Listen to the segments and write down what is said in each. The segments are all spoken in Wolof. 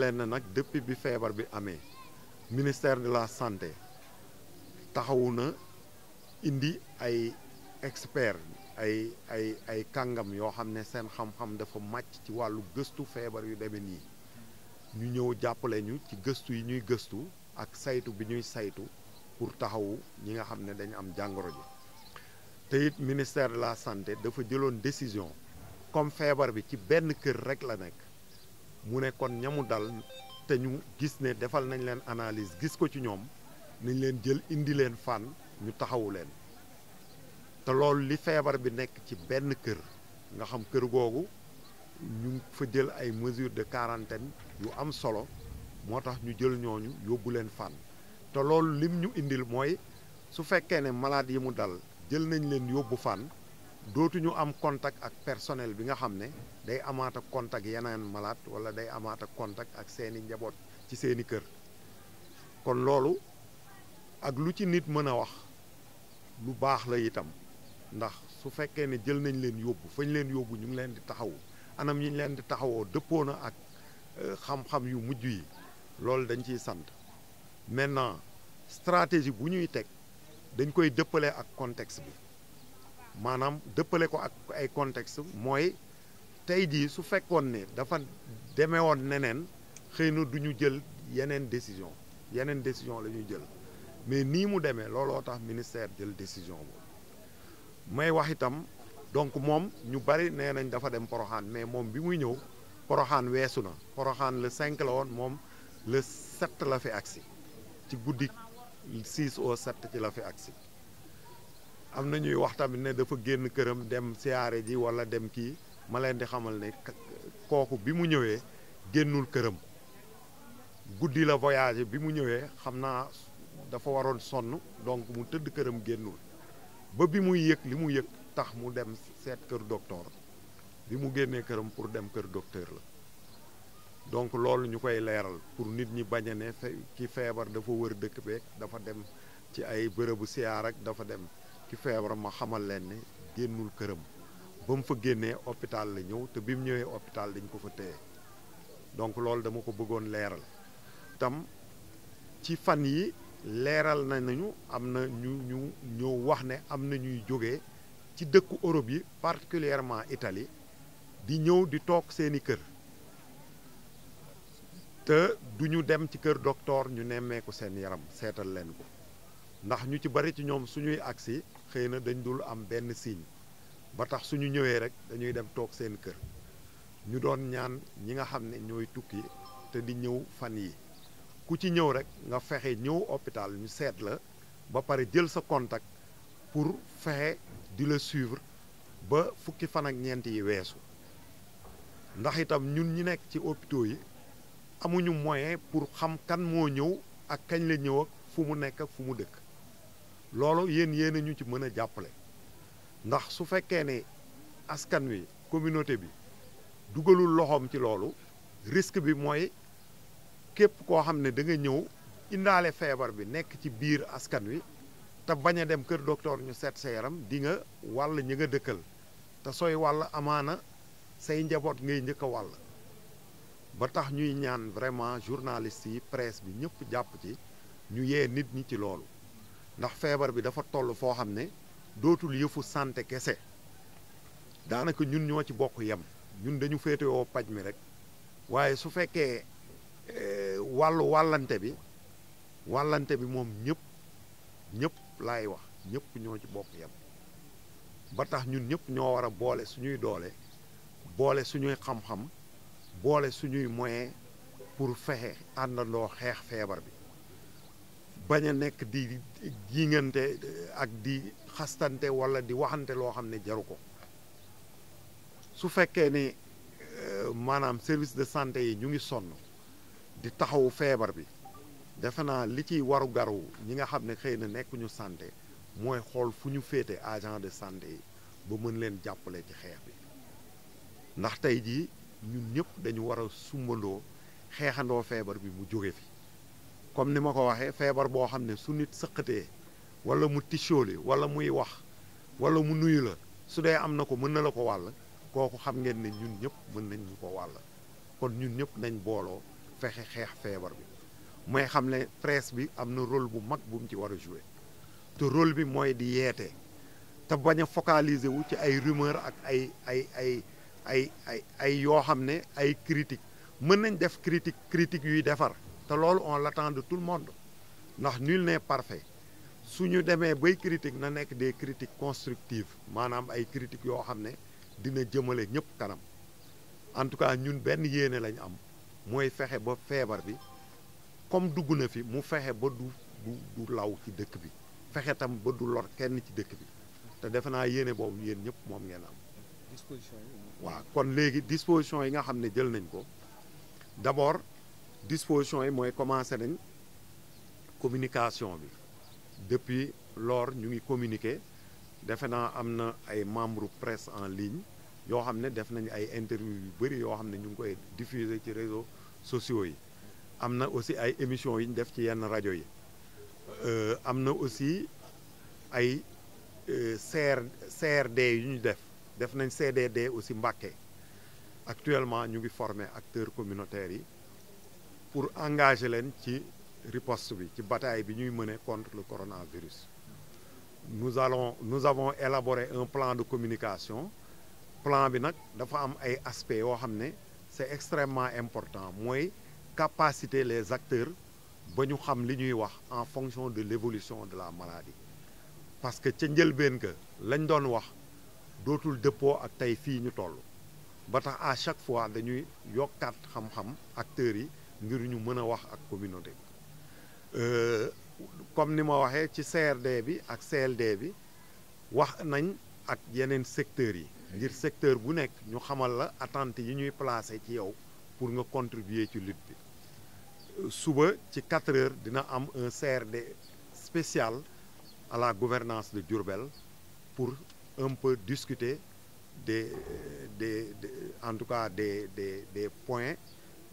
leen ne nag depuis bi feebar bi amee ministère de la santé taxawu na indi ay experts ay ay ay kàngam yoo xam ne seen xam-xam dafa màcc ci wàllu gëstu feebar yu deme nii ñu ñëw jàppale ñu ci gëstu yi ñuy gëstu ak saytu bi ñuy saytu pour taxawu ñi nga xam ne dañu am jàngoro ji te it ministère de la santé dafa jëloon décision comme feebar bi ci benn kër rek la nekk. mu ne kon ñamu dal te ñu gis ne defal nañ leen analyse gis ko ci ñoom nañ leen jël indi leen fan ñu taxawu leen te loolu li feebar bi nekk ci benn kër nga xam kër googu ñu fa jël ay mesures de quarantaine yu am solo moo tax ñu jël ñooñu yóbbu leen fan te loolu lim ñu indil mooy su fekkee ne malade yi mu dal jël nañ leen yóbbu fan dootuñu am contact ak personnel bi nga xam ne day amaat ak contact yeneen malaat wala day amaat ak contact ak seeni njaboot ci seeni kër kon loolu ak lu ci nit mën a wax lu baax la itam ndax su fekkee ne jël nañ leen yóbbu fañ leen yóbbu ñu ngi leen di taxawu anam yi leen di taxawoo dëppoo na ak euh, xam-xam yu mujj yi loolu dañ ci sant maintenant stratégie bu ñuy teg dañ koy dëppale ak contexte bi maanaam dëppale ko ak ay contexte mooy tey jii su fekkoon ne dafa demewoon neneen xëy na duñu jël yeneen décision yeneen décision la ñuy jël mais nii mu demee looloo tax ministère jël décision boobu may wax itam donc moom ñu bari nee nañ dafa dem poroxaan mais moom bi muy ñëw poroxaan weesu na poroxaan le 5 la woon moom le 7 la fi agsi ci guddi 6 au 7 ci la fi agsi am na ñuy wax tamit ne dafa génn këram dem siyaare ji wala dem kii ma leen di xamal ne kooku bi mu ñëwee génnul këram guddi la voyage bi mu ñëwee xam naa dafa waroon sonn donc mu tëdd këram génnul ba bi muy yëg li mu yëg tax mu dem seet kër docteur bi mu génnee këram pour dem kër docteur la donc loolu ñu koy leeral pour nit ñi bañ a ne ki feebar dafa wër dëkk beeg dafa dem ci ay bërëbu siyaar ak dafa dem ci feebar ma xamal leen ne génnul këram ba mu fa génnee hôpital la ñëw te bi mu ñëwee hôpital dañ ko fa téye donc loolu dama ko bëggoon leeral tam ci fan yi leeral na nañu am na ñu ñu ñoo wax ne am na ñuy jóge ci dëkku Europe yi particulièrement itali di ñëw di toog seeni kër te duñu dem ci kër docteur ñu nemmeeku seen yaram seetal leen ko ndax ñu ci bari ci ñoom suñuy agsi xëy na dañ dul am benn signe ba tax suñu ñëwee rek dañuy dem toog seen kër ñu doon ñaan ñi nga xam ne ñooy tukki te di ñëw fan yi ku ci ñëw rek nga fexe ñëw hôpital ñu seet la ba pare jël sa contact pour fexe di la suivre ba fukki fan ak ñeent yi weesu ndax itam ñun ñi nekk ci hôpitaux yi amuñu moyen pour xam kan moo ñëw ak kañ la ñëw ak fu mu nekk ak fu mu dëkk loolu yéen yéen ñu ci mën a jàppale ndax su fekkee ne askan wi communauté bi dugalul loxoom ci loolu risque bi mooy képp koo xam ne da ñëw indaale feebar bi nekk ci biir askan wi te bañ a dem kër docteur ñu seet sa yaram di nga wàll ñi nga dëkkal te sooy wàll amaana say njaboot ngay njëkk a wàll ba tax ñuy ñaan vraiment journaliste yi presse bi ñëpp jàpp ci ñu yee nit ñi ci loolu ndax feebar bi dafa toll foo xam ne dootul yëfu sante kese daanaka ñun ñoo ci bokk yem ñun dañu féetewoo paj mi rek waaye su fekkee eh, wàllu wàllante bi wàllante bi moom ñëpp ñëpp lay wax ñëpp ñoo ci bokk yem ba tax ñun ñëpp ñoo war a boole suñuy doole boole suñuy xam-xam boole suñuy moyen pour fexe àndandoo xeex feebar bi bañ a nekk di jiingante ak di xastante wala di waxante loo xam ne jaru ko su fekkee ni euh, maanaam service de santé yi ñu ngi sonn di taxawu feebar bi defe naa li ciy waru garaw ñi nga xam ne xëy na nekkuñu santé mooy xool fu ñu féete agent de santé yi ba mën leen jàppale ci xeex bi ndax tey jii ñun ñëpp dañu war a sumbandoo xeexandoo feebar bi mu jóge fi comme ni ma ko waxee feebar boo xam ne su nit sëqatee wala mu tichooli wala muy wax wala mu nuyu la su dee am na ko mën na la ko wàll kooku xam ngeen ne ñun ñëpp mën nañ ñu ko wàll kon ñun ñëpp nañ booloo fexe xeex feebar bi mooy xam ne presse bi am na rôle bu mag bu ci war a te rôle bi mooy di yeete te bañ a focaliser wu ci ay rumeur ak ay ay ay ay ay ay yoo xam ne ay critique mën nañ def critique critique yuy defar te loolu on l'attend de tout le monde ndax nul ne parfait su ñu demee bay critique na nekk des critiques constructives maanaam ay critiques yoo xam ne dina jëmale ñëpp kanam en tout cas ñun benn yéene lañu am mooy fexe ba feebar bi comme dugg na fi mu fexe ba du du law ci dëkk bi fexe tam ba du lor kenn ci dëkk bi te defe naa yéene boobu yéen ñëpp moom ngeen am. disposition yi waaw kon léegi disposition yi nga xam ne jël nañ ko d'abord. disposition yi mooy commencé nañ communication bi depuis lors ñu ngi communiqué defe naa am na ay membre presse en ligne yoo xam ne def nañ ay interview yu bëri yoo xam ne ñu ngi koy diffuser ci réseaux sociaux yi am na aussi ay émissions yu ñu def ci yenn rajo yi euh, am na aussi ay euh, CR CRD yu ñu def def nañ CDD aussi Mbàkke actuellement ñu ngi former acteurs communautaires yi pour engager leen ci ripost bi ci bataay bi ñuy mener contre le coronavirus nous allons nous avons élaboré un plan de communication plan bi nag dafa am ay aspects woo xam ne c'est extrêmement important mooy capaciter les acteurs ba ñu xam li ñuy wax en fonction de l'évolution de la maladie parce que ca njëlbeen ka lañ doon wax dootul dëppoo ak tey fii ñu toll ba tax à chaque fois dañuy yokkaat xam-xam acteurs yi ngir ñu mën a wax ak communauté bi euh, comme ni ma waxee ci CRD bi ak CLD bi wax nañ ak yeneen secteurs yi ngir secteur bu nekk ñu xamal la attente yi ñuy placé ci yow pour nga contribuer ci lutte bi suba ci 4 heures dina am un CRD spécial à la gouvernance de Diourbel pour un peu discuter de des, des en tout cas des des des points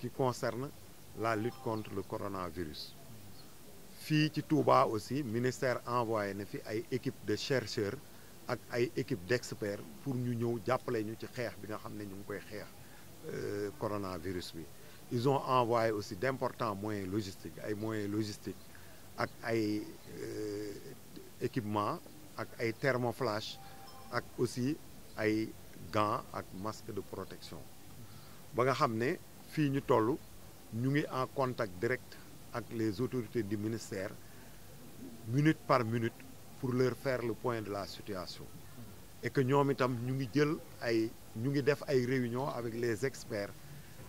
qui concernent la lutte contre le coronavirus fii ci Touba aussi ministère envoyé na fi ay équipe de chercheurs ak ay équipe d'experts pour ñu ñëw jàppale ñu ci xeex bi nga xam ne ñu ngi koy xeex euh, coronavirus bi ils ont envoyé aussi d'importants moyens logistiques ay moyens logistiques ak ay euh, équipement ak ay thermoflash ak aussi ay gants ak masque de protection ba nga xam ne fii ñu toll ñu ngi en contact direct ak les autorités du ministère minute par minute pour leur faire le point de la situation et que ñoom itam ñu ngi jël ay ñu ngi def ay réunions avec les experts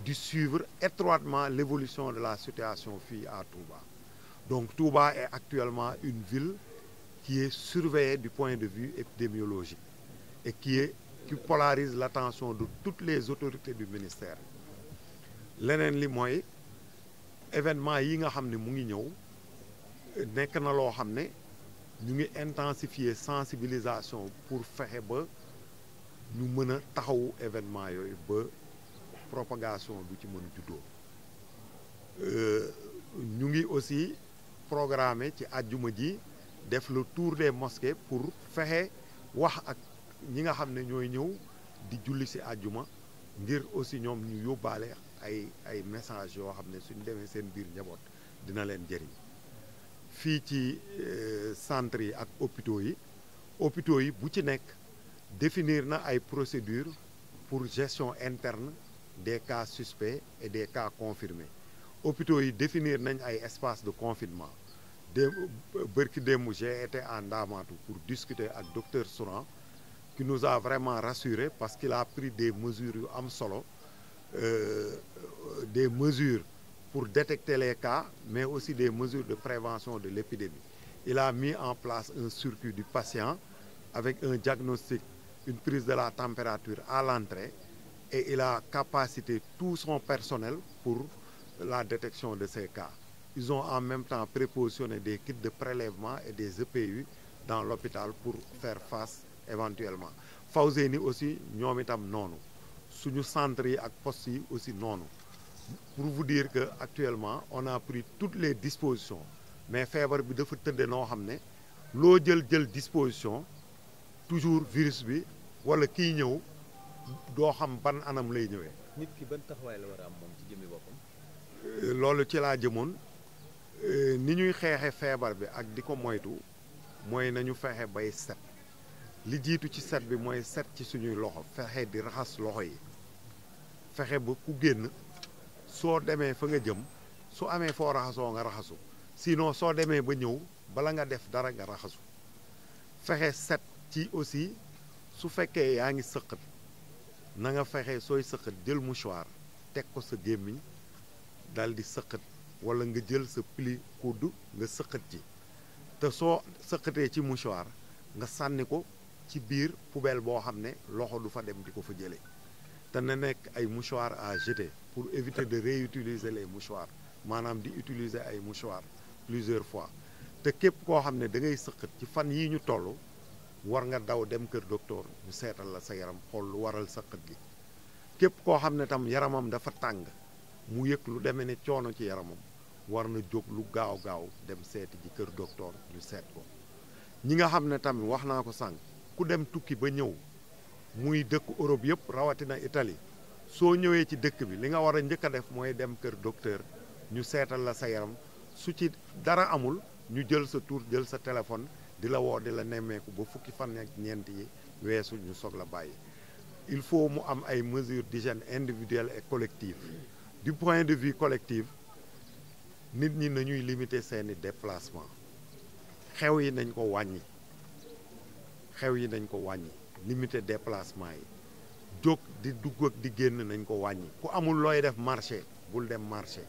di suivre étroitement l'évolution de la situation fii à Touba donc Touba est actuellement une ville qui est surveillée du point de vue épidémiologique et qui est qui polarise l'attention de toutes les autorités du ministère leneen li mooy événement yi nga xam ne mu ngi ñëw nekk na loo xam ne ñu ngi intensifier sensibilisation pour fexe ba ñu mën a taxawu événement yooyu ba propagation du ci mën a juddoo euh, ñu ngi aussi programme ci àjjuma ji def le tour des mosquées pour fexe wax ak ñi nga xam ne ñooy ñëw di julli si àjjuma ngir aussi ñoom ñu yóbbaale ay ay message yoo xam ne suñ demee seen biir njaboot dina leen jëriñ fii ci euh, centre yi ak hôpitaux yi hôpitaux yi bu ci nekk définir na ay procédures pour gestion interne des cas suspects et des cas confirmés hôpitaux yi définir nañ ay espace de confinement de bërki démb j'ai été en Ndamatou pour discuter ak docteur sourant qui nous a vraiment rassuré parce que la prix des mesures yu am solo euh, des mesures pour détecter les cas, mais aussi des mesures de prévention de l'épidémie. Il a mis en place un circuit du patient avec un diagnostic, une prise de la température à l'entrée, et il a capacité tout son personnel pour la détection de ces cas. Ils ont en même temps prépositionné des kits de prélèvement et des EPU dans l'hôpital pour faire face éventuellement. Fawzeyni aussi ñoom itam noonu suñu centre yi ak post yi aussi noonu pour vous dire que actuellement on a pris toutes les dispositions mais feebar bi dafa tëdde noo xam ne loo jël jël disposition toujours virus bi wala kiy ñëw doo xam ban anam lay ñëwee. nit ki ban taxawaay la war a moom ci jëmmi boppam. Euh, loolu ci laa jëmoon euh, ni ñuy xeexe feebar bi ak di ko moytu mooy nañu fexe bay set li jiitu ci set bi mooy set ci suñuy loxo fexe di raxas loxo yi. fexe ba ku génn soo demee fa nga jëm su amee foo raxasoo nga raxasu sinon soo demee ba ñëw bala nga def dara nga raxasu fexe set ci aussi su fekkee yaa ngi sëqat na nga fexe sooy sëqat jël mouchoir teg ko sa gémmiñ dal di sëqat wala nga jël sa pli kudd nga sëqat ci te soo sëqatee ci mouchoir nga sànni ko ci biir poubelle boo xam ne loxo du fa dem di ko fa jëlee te na nekk ay mouchoir à jeter pour éviter de réutiliser les mouchoirs maanaam di utiliser ay mouchoir plusieurs fois te képp koo xam ne da ngay sëqat ci fan yii ñu toll war nga daw dem kër docteur ñu seetal la sa yaram xool lu waral sëqat gi képp koo xam ne tam yaramam dafa tàng mu yëg lu demee ne coono ci yaramam war na jóg lu gaaw gaaw dem seeti ji kër docteur ñu seet ko ñi nga xam ne tamit wax naa ko sànq ku dem tukki ba ñëw muy dëkk Europe yëpp rawatina Italie soo ñëwee ci dëkk bi li nga war a njëkk a def mooy dem kër docteur ñu seetal la sa yaram su ci dara amul ñu jël sa tur jël sa téléphone di la woo di la nemmeeku ba fukki fan ak ñeent yi weesu ñu soog la bàyyi il faut mu am ay mesures d'hygiène individuelles et collectives du point de vue collective nit ñi nañuy limiter seeni déplacement xew yi nañ ko wàññi xew yi nañ ko wàññi limiter déplacement yi jóg di dugg ak di génn nañ ko wàññi ku amul looy def marché bul dem marché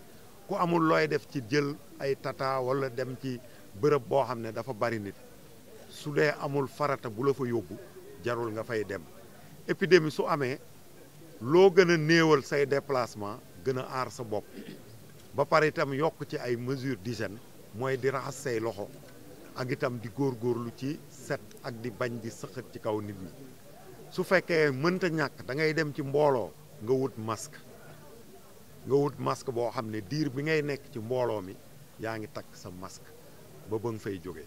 ku amul looy def ci jël ay tata wala dem ci bërëb boo xam ne dafa bari nit su dee amul farata bu la fa yóbbu jarul nga fay dem épidémie su amee loo gën a néewal say déplacement gën a aar sa bopp ba pare itam yokk ci ay mesures d'hygiène mooy di raxas say loxo ak itam di góor góorlu ci set ak di bañ di sëqat ci kaw nit ñi su fekkee mënta ñàkk da ngay dem ci mbooloo nga wut masque nga wut masque boo xam ne diir bi ngay nekk ci mbooloo mi yaa ngi takk sa masque ba ba nga fay jóge